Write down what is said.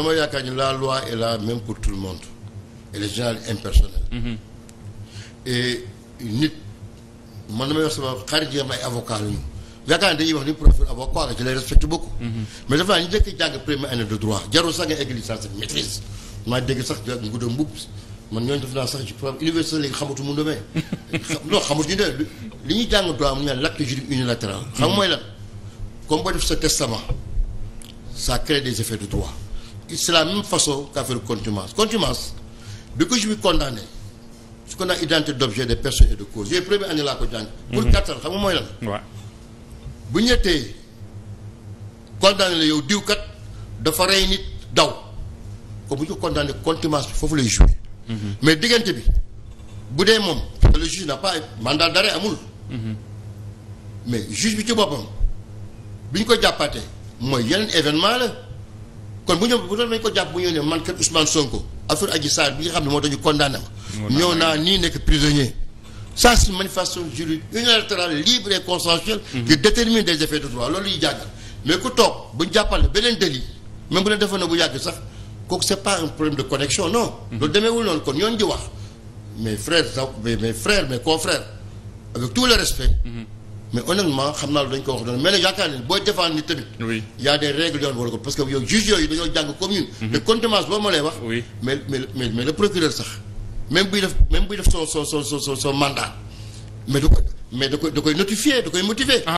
dama yaakaar ni la loi est là même pour tout le monde elle est générale impersonnelle. Mm-hmm. et nit man damay wax sama xarit yi am ay avocat lañu yaakaar dañuy wax ni profil avocat la ci lay respecte beaucoup. Mm-hmm. mais dafa naa ñu njëkk jàng première année de droit jarul sax nga egg licence ak dégg sax nga gudda mbubb man ñooñu def naa sax ci programme li ñu jàng droit mu ñu naan l'acte juridique unilatéral. xam mm-hmm. comme boo def sa testament ça crée des effets droit. c'est la façon qu'affaire contimence contimence bi ko jubi condamné su ko naan identité d'objet de personne de cause yooyu première année laa ko jàng pour gàttal mhm. xam nga mooy lan bu ñettee condamné la yow diw kat dafa rey nit daw ko bu ñu ko condamné contumace bi foofu lay joué mhm. mais diggante bi bu dee moom le juge n'a pas mandat d'arrêt amul mhm. mais juge bi ci boppam bi ñu ko jàppaatee mooy yeneen événement la kon bu ñëw bu doon nañ ko jàpp bu ñëw ne man kat Ousmane Sonko affaire Adji Sarr bi nga xam ne moo tax ñu condamné ma. ñëw naa nii nekk prisonnier. ça c'est une manifestation juridique unilatérale libre et consensuelle. Mhm. qui détermine des effets de droit loolu yi jàngal. mais ku toog bu ñu jàppale beneen délit même bu la defoon na bu yàgg sax kooku c'est pas un problème de connexion non. Mhm. loolu demeewul noonu kon ñooñu di wax mes frères mes mes frères mes confrères mais honnêtement xam naa lu dañ ko wax doon mais nag yaakaar nañu booy défendre ni tamit. oui y' a yoon wala ko parce que yow juge yooyu dañoo jàng comme ñun. Mhm. te contumace boobu ma lay wax. oui mais mais mais le procureur sax même buy def mais mais da koy da koy notifié da koy motivé. Ah.